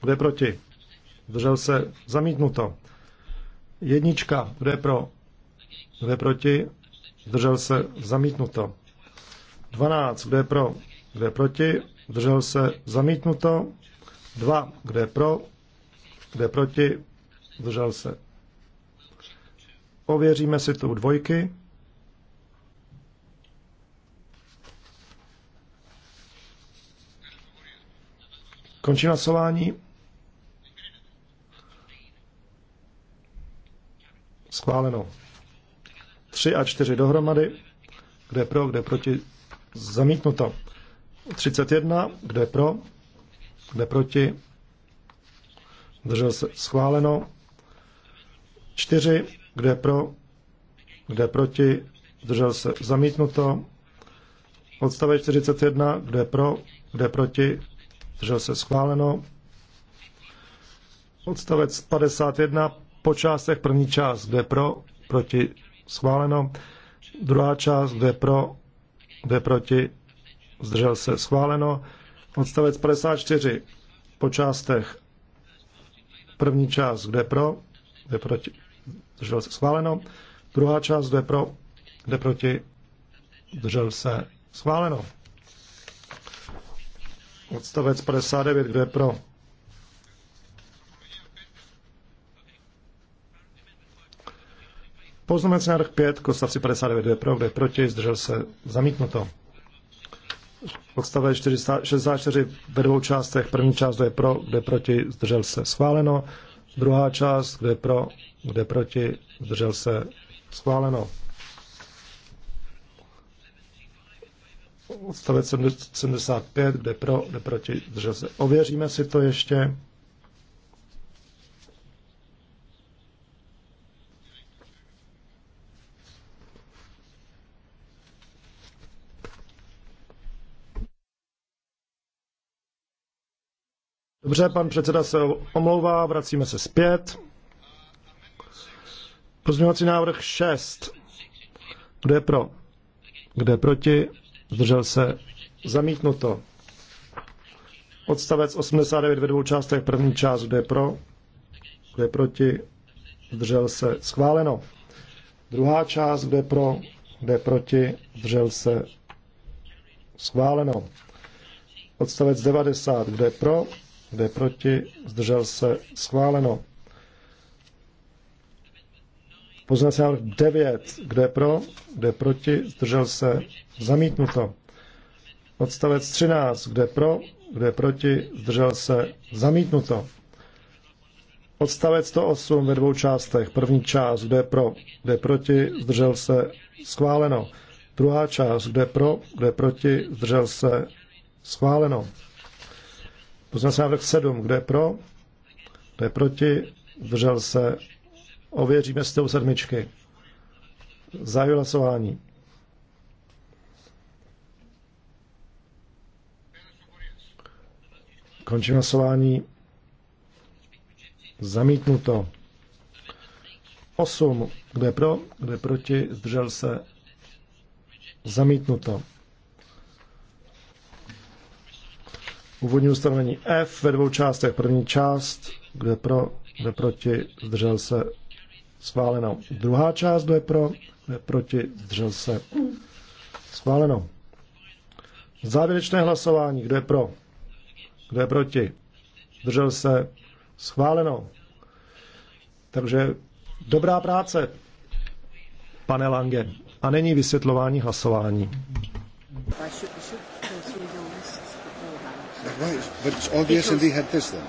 Kdo je proti? Zdržel se? Zamítnuto. Jednička. Kdo je pro? Kdo je proti? Zdržel se? Zamítnuto. 12. Kdo je pro? Kdo je proti? Zdržel se? Zamítnuto. 2. Kdo je pro? Kdo je proti? Zdržel se? Ověříme si tu dvojky. končí hlasování. Schváleno. tři a čtyři dohromady. Kdo je pro, kdo je proti? Zamítnuto. 31. Kdo je pro? Kdo je proti? Držel se schváleno. 4. Kdo je pro? Kdo je proti? Držel se zamítnuto. Odstavec 41. Kdo je pro? Kdo je proti? Držel se schváleno. Odstavec 51 po částech první část, kde pro, proti, schváleno, druhá část, kde pro, kde proti, zdržel se, schváleno, odstavec 54, po částech první část, kde pro, kde proti, zdržel se, schváleno, druhá část, kde pro, kde proti, zdržel se, schváleno. Odstavec 59, kde pro, Poznamenací návrh 5 k odstavci 59, je pro, kde je proti, zdržel se, zamítnuto. Odstavec 64 ve dvou částech, první část, kdo je pro, kde je proti, zdržel se, schváleno. Druhá část, kde je pro, kde je proti, zdržel se, schváleno. Odstavec 75, kde pro, kde proti, zdržel se. Ověříme si to ještě. Dobře, pan předseda se omlouvá, vracíme se zpět. Pozměňovací návrh 6. Kdo je pro? Kdo je proti? Zdržel se? Zamítnuto. Odstavec 89 ve dvou částech. První část, kdo je pro? Kdo je proti? Zdržel se? Schváleno. Druhá část, kdo je pro? Kdo je proti? Zdržel se? Schváleno. Odstavec 90, kdo je pro? Kdo je proti? Zdržel se? Schváleno. Poznací návrh 9. Kdo je pro? Kdo je proti? Zdržel se? Zamítnuto. Odstavec 13. Kdo je pro? Kdo je proti? Zdržel se? Zamítnuto. Odstavec 108 ve dvou částech. První část, kde je pro, kde je proti, zdržel se, schváleno. Druhá část, kde je pro, kde je proti, zdržel se, schváleno. Pozměňovací návrh 7, kdo je pro, kdo je proti, zdržel se, ověříme s tou sedmičky. Zahajuji hlasování. Končím hlasování. Zamítnuto. 8. Kdo je pro, kdo je proti, zdržel se. Zamítnuto. Úvodní ustanovení F ve dvou částech. První část, kde pro, kde proti, zdržel se schváleno. Druhá část, kde pro, kde proti, zdržel se schváleno. Závěrečné hlasování, kde pro, kde proti, zdržel se schváleno. Takže dobrá práce, pane Lange. A není vysvětlování hlasování. I should, should go through your lists beforehand. but it's obvious because, and had this then.